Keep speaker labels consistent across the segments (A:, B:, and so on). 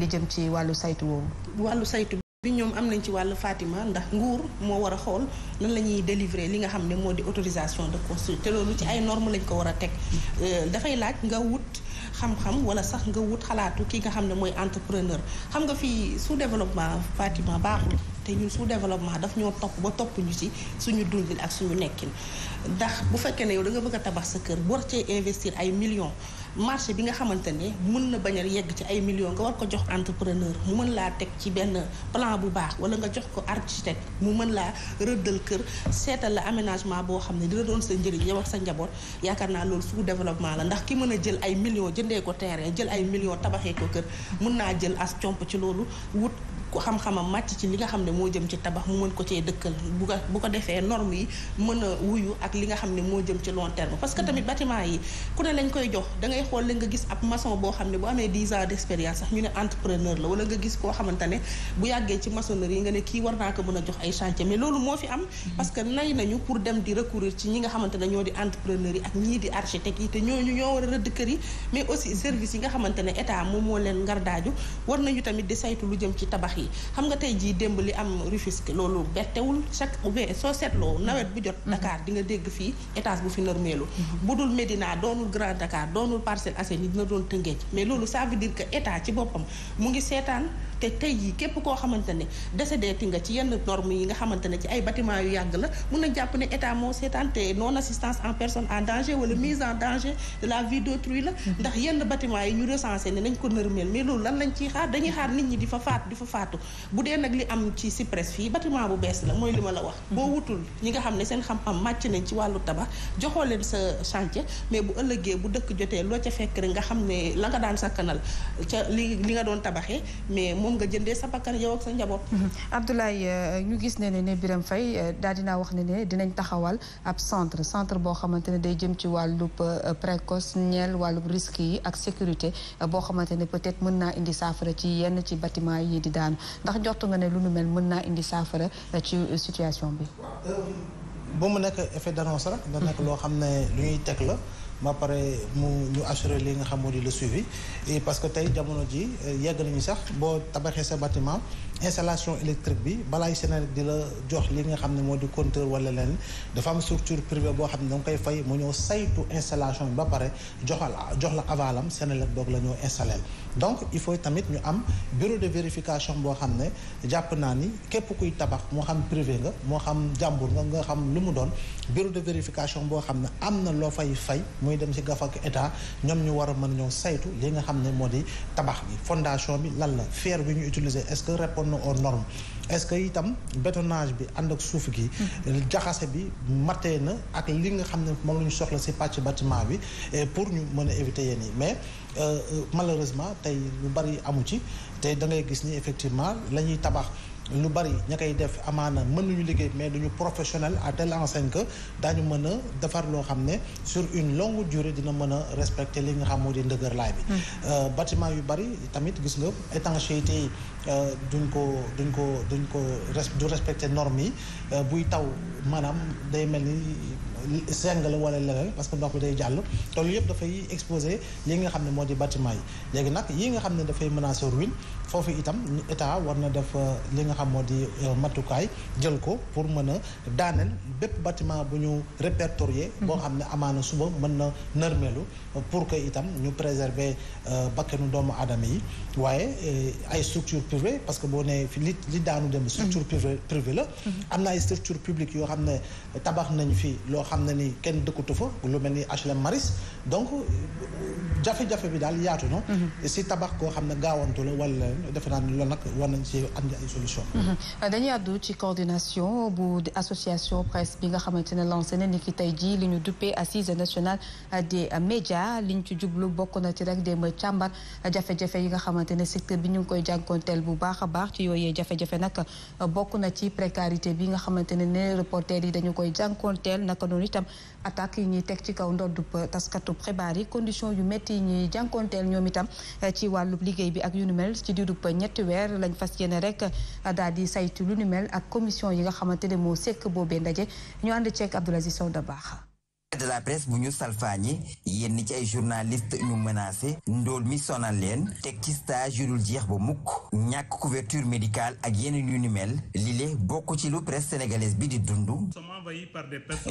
A: li jëm ci wàllu saytu woowu.
B: wàllu saytu bi ñoom am nañ ci wàllu Fatima ndax nguur moo war a xool nan la ñuy délivrer li nga xam ne moo di autorisation de construire te loolu ci ay normes lañ ko war a teg euh, dafay laaj nga wut. xam-xam wala sax nga wut xalaatu ki nga xam ne mooy entrepreneur xam nga fii sous développement Fatima baaxul te ñun sous développement daf ñoo topp ba topp ñu ci suñu dundin ak suñu nekkin ndax bu fekkee ne yow da nga bëgg a tabax sa kër bu war cee investir ay millions marché bi nga xamante ne mën na bañ a yegg ci ay millions nga war ko jox entrepreneur mu mën laa teg ci benn plan bu baax wala nga jox ko architecte mu mën laa rëddal kër seetal la aménagement boo xam ne dina doon sa njëriñ yow ak sa njaboot yaakaar naa loolu sous développement la ndax ki mën a jël ay millions ko terrain jël ay millions tabaxee ko kër mën naa jël as comp ci loolu xam-xamam màcc ci li nga xam ne moo jëm ci tabax mu mën ko cee dëkkal bu ko ko defee norme yi mën a wuyu ak li nga xam ne moo jëm ci long terme parce que tamit bâtiment yi ku ne lañ koy jox da ngay xool la nga gis ab maçon boo xam ne bu amee 10 ans d' ñu ne entrepreneur la wala nga gis koo xamante ne bu yàggee ci yi nga ne kii war naa ko mën a jox ay chantier mais loolu moo fi am parce que nay nañu pour dem di recourir ci ñi nga xamante ne ñoo di entrepreneur yi ak ñii di architecte yi te ñooñu ñoo war a rëdd kër yi mais aussi service yi nga xamante ne état moom moo leen ngardaaju war tamit di lu jëm ci tabax yi xam nga tey jii démb li am Rufisque loolu bettewul chaque oubien soo seetloo mm-hmm. nawet bu jot mm-hmm. Dakar di nga dégg fii étage bu fi normelu mm-hmm. bu dul Médina doonul Grand Dakar doonul Parcelles Assainies dina doon Tëngéej mais loolu ça veut dire que état ci boppam mu ngi seetaan te tey jii képp koo xamante ne décédé ti nga ci yenn normes yi nga xamante ne ci ay batiment yu yàgg la mun na jàpp ne état moo seetaan te non assistance en personne en danger wala mise en danger de la vie d'autrui la mm-hmm. ndax yenn bâtiment yi ñu recensé ne nañ ko nërmeel mais loolu lan lañ ciy xaar dañuy xaar nit ñi di fa faatu di fa faatu bu dee nag li am ci CIPRES fii batiment bu bees la mooy li ma la wax mm-hmm. boo wutul ñi nga xam ne seen xam-xam màcc nañ ci wàllu tabax joxoo leen sa chantier mais bu ëllëgee bu dëkk jotee loo ca fekk rek nga xam ne la nga daan sakkanal ca li li nga doon tabaxee moom nga jëndee sa bakkan yow ak sa njaboot.
A: Mhm. Abdoulaye euh, ñu gis ne ne biram Faye euh, daal dinaa wax ne ne dinañ taxawal ab centre centre boo xamante ne day jëm ci wàllub euh, précoce ñeel wàllu risque yi ak sécurité boo xamante ne peut-être mën naa indi saafara ci yenn ci batiment yi di daanu ndax jot nga ne lu nu mel mën naa indi saafara ci situation
C: bi. ba mu nekk effet d'annonce rek. da nekk loo xam ne lu ñuy teg la. ma pare mu ñu assurer li nga xam moo di le suivi parce que tey jamono ji eh, yegg nañu sax boo tabaxee sa batiment installation électrique bi balaay Senelec di la jox li nga xam ne moo di compteur wala leen dafa am structure privée boo xam ne danga koy fay mu ñëw saytu installation bi ba pare joxal jox la avalam Senelec doog la ñoo installé donc il faut tamit ñu am bureau de vérification boo xam ne jàpp naa ni képp kuy tabax moo xam privé nga moo xam jàmbur nga nga xam lu mu doon bureau de vérification boo xam ne am na loo fay fay muy dem ci gafak état ñoom ñu war a mën saytu li nga xam ne moo di tabax bi fondation bi lan la fer bi ñu utiliser est-ce que répond conforme aux normes est-ce que itam bétonnage bi ànd ak suuf gi. jaxase bi matee na ak li nga xam ne moom la ñu soxla si pàcc bâtiment bi pour ñu mën a éviter yéen yi mais euh, euh, malheureusement tey lu bari amu ci tey da ngay gis ni effectivement la ñuy tabax. lu bari ña koy def amaana mën nañu liggéey mais duñu professionnel à telle enseigne que daañu mën a defar loo xam ne sur une longue durée dina mën a respecter li nga xam moo di ndëgër laay bi mm. euh, bâtiment yu bari tamit gis nga étanchéité yi euh, duñ ko duñ ko duñ ko du respecter normes yi euh, buy taw maanaam day mel ni seng la wala leneen parce que ndox bi day jàll te loolu dafay exposé li nga xam ne moo di bâtiment yi léegi nag yi nga xam ne dafay menacer ruine foofu itam état war na def euh, li nga xam moo di euh, matukaay jël ko pour mën a daaneel bépp bâtiment bu ñu répertorié boo xam ne amaana suba mën na nërmeelu pour que itam ñu préserver euh, bakkanu doomu aadama yi waaye ay structure privée parce que boo nee li li daanu dem mm-hmm. structure privée la mm-hmm. am na ay structure publique yoo xam ne xam na ni kenn dëkkatu fa lu mel ni HLM Maris donc jafe-jafe bi daal yaatu na. Mhm. si tabax koo xam ne gaawantu la wala defe naa ne loolu nag war ci andi ay solution
A: mhm. euh, dañuy àddu ci coordination bu association presse bi nga xamante ne lancé na ni ki tey jii li ñu duppee assise nationale média li liñ ci jublu bokk na ci rek démb càmbar jafe-jafe yi nga xamante ne secteur bi ñu ngi koy jànkoonteel bu baax a baax ci yooyee jafe nag bokk na ci précarité bi nga xamante ne ne reporter yi dañu koy jànkoon teel naka noonu itam attaque yi ñuy teg ci kaw ndoddub taskatu xibaar condition yu yi ñuy ñoom itam eh, ci wàllu liggéey bi ak yu nu mel ci diirub ñetti weer lañ fas yéene rek eh, daal di saytu lu nu mel ak commission yi nga xamante ne moo sekk boobee ndaje ñu ànd ceeg Abdoulaziz Sow da baax
D: de la presse bu ñu salfaañi yenn ci ay journaliste ñu menacé ndool mi sonal leen teg ci stage yu dul jeex ba mukk ñàkk couverture médical ak yeneen yu ni mel lile bokk ci lu presse sénégalaise bi di dund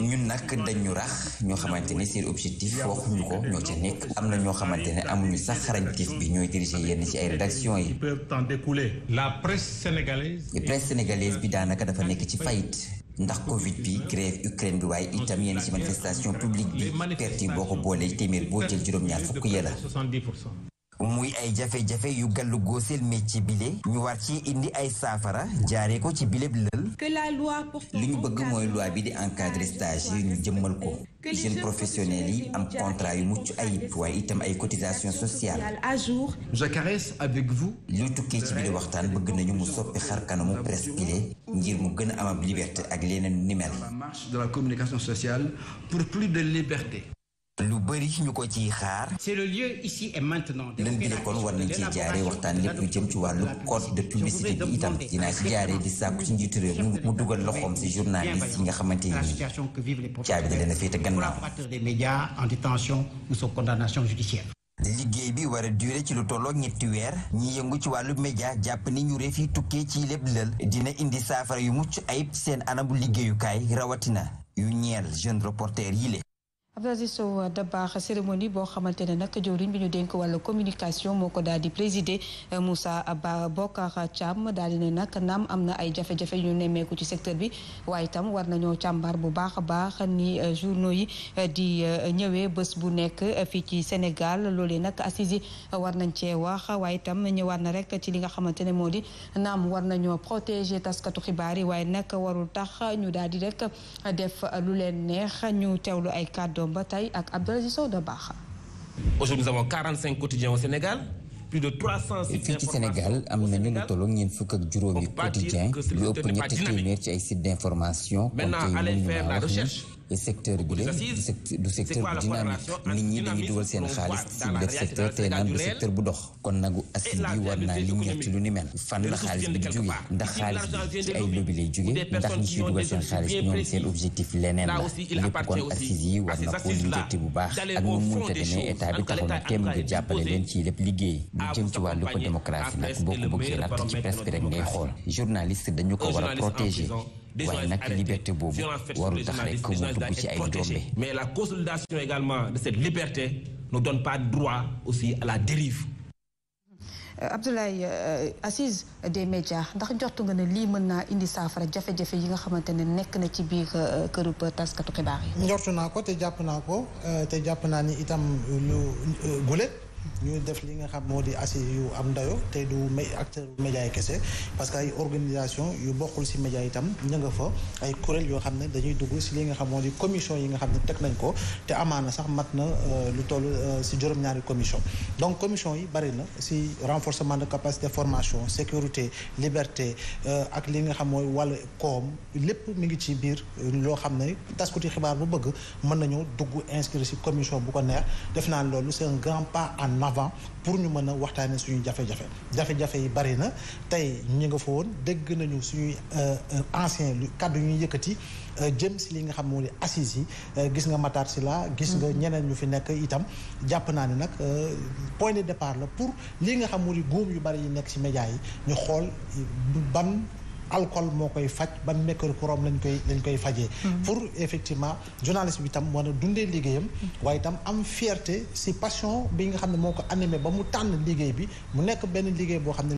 D: ñun nag dañu rax ñoo xamante ne seen objectif waxuñu ko ñoo ca nekk am na ñoo xamante ne amuñu sax xarañtif bi ñooy diriger yenn ci ay rédaction yi
C: presse
D: sénégalaise bi daanaka dafa nekk ci fayit ndax Covid bi grève Ukraine bi waaye itam yenn ci manifestation publique bi perte yi boo ko boolee téeméer boo jël juróom-ñaar fukk ya la. ay jafe-jafe yu gàllu góoseel métier bile ñu war ci ay saafara jaaree ko ci bileb lël li ñu bëgg mooy loi bi di encadrer stage yi ñu jëmmal ko jeunes professionnels yi am contrat yu mucc ayib waaye itam ay cotisation sociale Jacares avec vous lu tukkee ci bile waxtaan bëgg nañu mu soppi xar kanamu presse ngir mu gën a am ab liberté ak leneen ni lu bëri ñu ko ci xaar. c'est le lieu ici et maintenant. lën bi kon war nañ ciy jaaree waxtaan lépp lu jëm ci wàllu code de publicité bi itam dinaa ci jaaree di sàkku ci njiitu réew mu dugal loxoom si journaliste yi nga xamante ni caabi da leen a féete gannaaw. des médias en détention ou sous condamnation judiciaire. liggéey bi war a duré ci lu tollook ñetti weer ñi yëngu ci wàllu média jàpp ni ñu refi tukkee ci lépp lël dina indi saafara yu mucc ayib seen anamu liggéeyukaay rawatina yu ñeel jeune reporter yile
A: Abdou Aziz Sow Dabakh cérémonie boo xamante ne nag jëwriñ bi ñu dénk wàllu communication moo ko daal di présider euh, Moussa Ba Bokar Thiam daal di ne nag naam am na ay jafe-jafe yu ñu nemmeeku ci secteur bi waaye itam war nañoo càmbar bu baax a baax ni euh, journaux yi euh, di ñëwee bés bu nekk fii ci Sénégal loolee nag assises war nañ cee wax waaye itam ñëwaat na rek ci li nga xamante ne moo di naam war nañoo protéger taskatu xibaar yi waaye nag warul tax ñu daal di rek def lu leen neex ñu teewlu ay kàddu. ba Bataille ak Abdoulaziz Sow Dabakha.
D: aujourd'hui nous avons 45 quotidiens au Sénégal. plus de 300 fii ci Sénégal am nañu lu tolloog ñeent fukk ak juróomi quotidien lu ëpp ñetti téeméer ci ay sites d'information. kon tey ñu mën a wax ni secteur bi la du secteur bu dynamique nit ñi dañuy dugal seen xaalis ci def secteur tey naan du secteur bu dox kon nagu assis bi war naa li ñeer ci lu ni mel fan la xaalis bi jóge ndax xaalis bi ci ay lobby lay jóge ndax ñi ciy dugal seen xaalis ñoom seen objectif leneen la lépp kon assis yi ah, war na koo lijjanti bu baax ak nu munta demee état bi taxaw na temm ngir jàppale leen ci lépp liggéey lu jëm ci wàllu ko démocratie nag boo ko bëggee natt ci presse bi rek ngay xool journaliste dañu ko war a protéger waaye nag liberté boobu warul tax rek mu dugg ci ay njombe. mais la consolidation également de cette liberté ne donne pas droit aussi à la dérive.
A: Euh, Abdoulaye euh, assise des médias ndax jortu nga ne lii mën naa indi saafara jafe-jafe yi nga xamante ne nekk na ci biir euh, kërub taskatu xibaar
C: yi. njortu naa ko te jàpp naa ko te jàpp naa ni itam lu gulet ñu def li nga xam moo di assises yu am ndayo tey du acteur média yi kese parce que ay organisation yu bokkul ci média itam ña nga fa ay kuréel yoo xam ne dañuy dugg si li nga xam moo di commission yi nga xam ne teg nañ ko te amaana sax mat na euh, lu toll euh, ci juróom-ñaari commission donc commission yi bari na ci renforcement de capacité formation sécurité liberté euh, ak li nga xam mooy wàllu koom lépp mu ngi ci biir loo xam ne taskuti xibaar bu bëgg mën nañu dugg inscrire ci commission bu ko neex def naa loolu c'est un grand pas en en avant pour ñu mën a waxtaanee suñu jafe-jafe jafe-jafe yi bari na tey ñu nga fa woon dégg nañu suñuy euh, euh, ancien kàddu ñuy yëkkati euh, jëm si li nga xam moo di assises yi gis nga Matar Sylla gis nga mm-hmm. ñeneen ñu fi nekk itam jàpp naa ne nag point de départ la pour li nga xam moo góom yu bari yi nekk si médias yi ñu xool ban alcool moo koy faj ban mercurochrome lañ koy lañ koy fajee. Mm-hmm. pour effectivement journaliste bi tam war a dundee liggéeyam. Mm-hmm. waaye itam am fierté si passion bi nga xam ne moo ko animé ba mu tànn liggéey bi mu nekk benn liggéey boo xam ne.